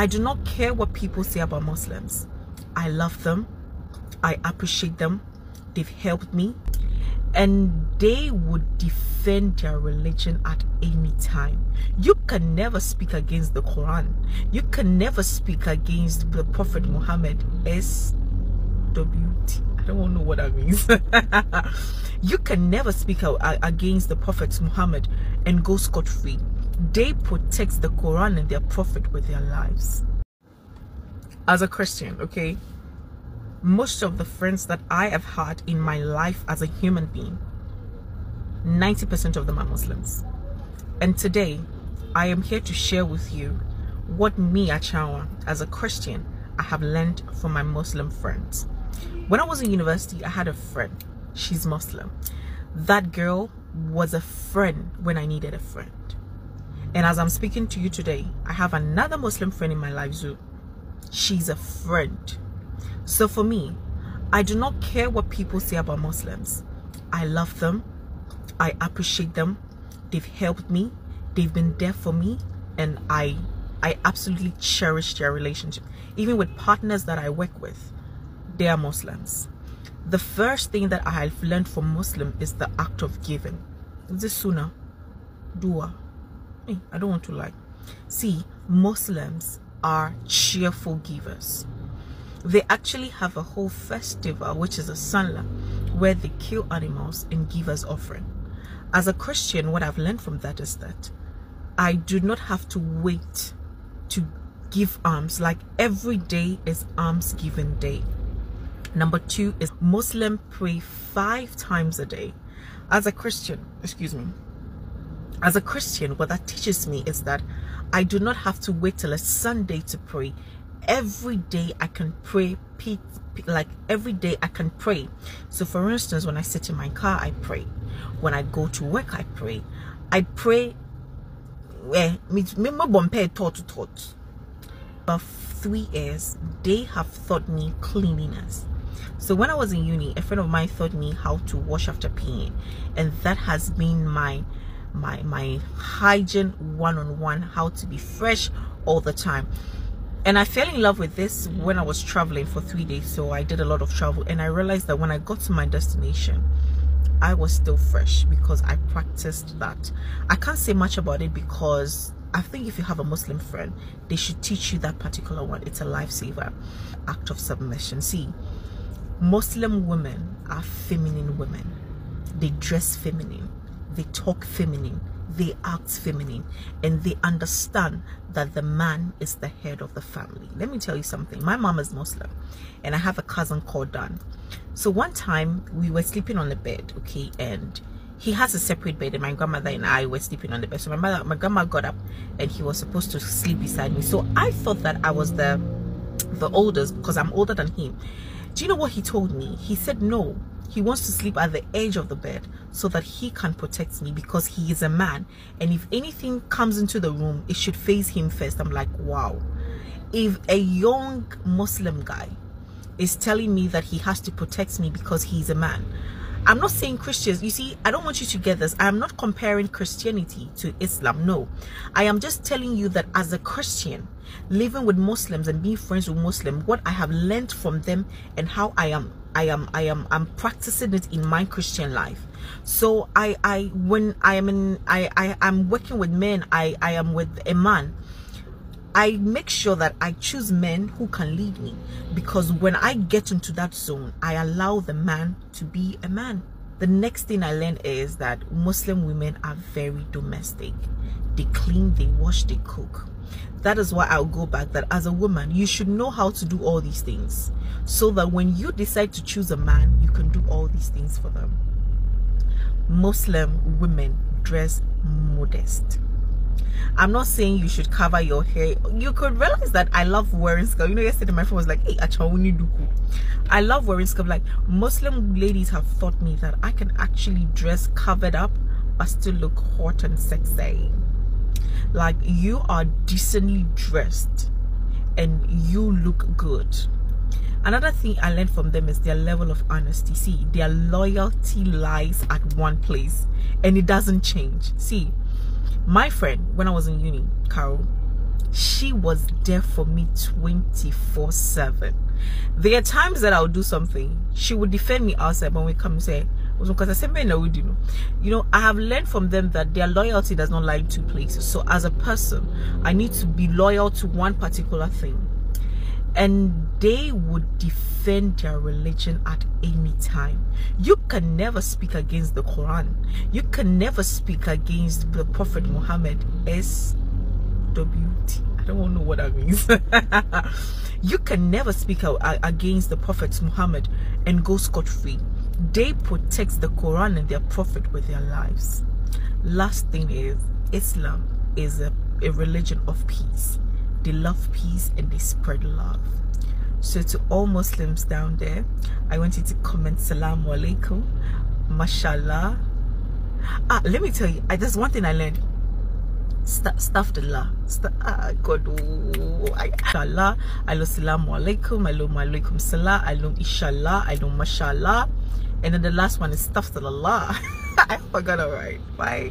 I do not care what people say about Muslims. I love them. I appreciate them. They've helped me. And they would defend their religion at any time. You can never speak against the Quran. You can never speak against the Prophet Muhammad. S. don't know what that means. you can never speak against the Prophet Muhammad and go scot free. They protect the Quran and their Prophet with their lives. As a Christian, okay, most of the friends that I have had in my life as a human being, 90% of them are Muslims. And today, I am here to share with you what me, Achawa, as a Christian, I have learned from my Muslim friends. When I was in university, I had a friend. She's Muslim. That girl was a friend when I needed a friend. And as I'm speaking to you today, I have another Muslim friend in my life, Zoo. She's a friend. So for me, I do not care what people say about Muslims. I love them. I appreciate them. They've helped me. They've been there for me. And I I absolutely cherish their relationship. Even with partners that I work with, they are Muslims. The first thing that I've learned from Muslim is the act of giving. The sunnah, dua, I don't want to lie. See, Muslims are cheerful givers. They actually have a whole festival, which is a sanla, where they kill animals and give as offering. As a Christian, what I've learned from that is that I do not have to wait to give alms. Like every day is alms giving day. Number two is Muslim pray five times a day. As a Christian, excuse me, as a Christian, what that teaches me is that I do not have to wait till a Sunday to pray. Every day I can pray, like every day I can pray. So, for instance, when I sit in my car, I pray. When I go to work, I pray. I pray. Eh, thought to thought. About three years, they have taught me cleanliness. So when I was in uni, a friend of mine taught me how to wash after peeing, and that has been my my my hygiene one-on-one how to be fresh all the time and I fell in love with this when I was traveling for three days so I did a lot of travel and I realized that when I got to my destination I was still fresh because I practiced that I can't say much about it because I think if you have a Muslim friend they should teach you that particular one it's a lifesaver act of submission see Muslim women are feminine women they dress feminine they talk feminine, they act feminine, and they understand that the man is the head of the family. Let me tell you something. My mom is Muslim, and I have a cousin called Dan. So one time we were sleeping on the bed, okay, and he has a separate bed and my grandmother and I were sleeping on the bed. So my mother, my grandma got up and he was supposed to sleep beside me. So I thought that I was the the oldest because I'm older than him. Do you know what he told me? He said, no, he wants to sleep at the edge of the bed so that he can protect me because he is a man. And if anything comes into the room, it should face him first. I'm like, wow. If a young Muslim guy is telling me that he has to protect me because he's a man, I'm not saying Christians. You see, I don't want you to get this. I am not comparing Christianity to Islam. No. I am just telling you that as a Christian, living with Muslims and being friends with Muslims, what I have learned from them and how I am I am I am I'm practicing it in my Christian life. So I I when I am in I I am working with men, I I am with a man. I make sure that I choose men who can lead me because when I get into that zone, I allow the man to be a man. The next thing I learned is that Muslim women are very domestic. They clean, they wash, they cook that is why I'll go back that as a woman, you should know how to do all these things so that when you decide to choose a man, you can do all these things for them. Muslim women dress modest. I'm not saying you should cover your hair. You could realize that I love wearing skirt. You know, yesterday my friend was like, hey, duku. I love wearing skirt. Like, Muslim ladies have taught me that I can actually dress covered up but still look hot and sexy like you are decently dressed and you look good another thing i learned from them is their level of honesty see their loyalty lies at one place and it doesn't change see my friend when i was in uni carol she was there for me 24 7 there are times that i'll do something she would defend me outside when we come say because I said men are you know. You know, I have learned from them that their loyalty does not lie in two places. So as a person, I need to be loyal to one particular thing. And they would defend their religion at any time. You can never speak against the Quran. You can never speak against the Prophet Muhammad S don't know what that means. you can never speak against the Prophet Muhammad and go scot-free. They protect the Quran and their Prophet with their lives. Last thing is, Islam is a, a religion of peace. They love peace and they spread love. So to all Muslims down there, I want you to comment Salaam Alaikum, Mashallah. Ah, let me tell you, I, there's one thing I learned. Stuff Astaghfirullah. la. ah, God. Oh, I, inshallah. Alo Salaam Alaikum. Alo Malaikum Salah. Alo Inshallah. Alo Mashallah and then the last one is stuffed to the law i forgot all right bye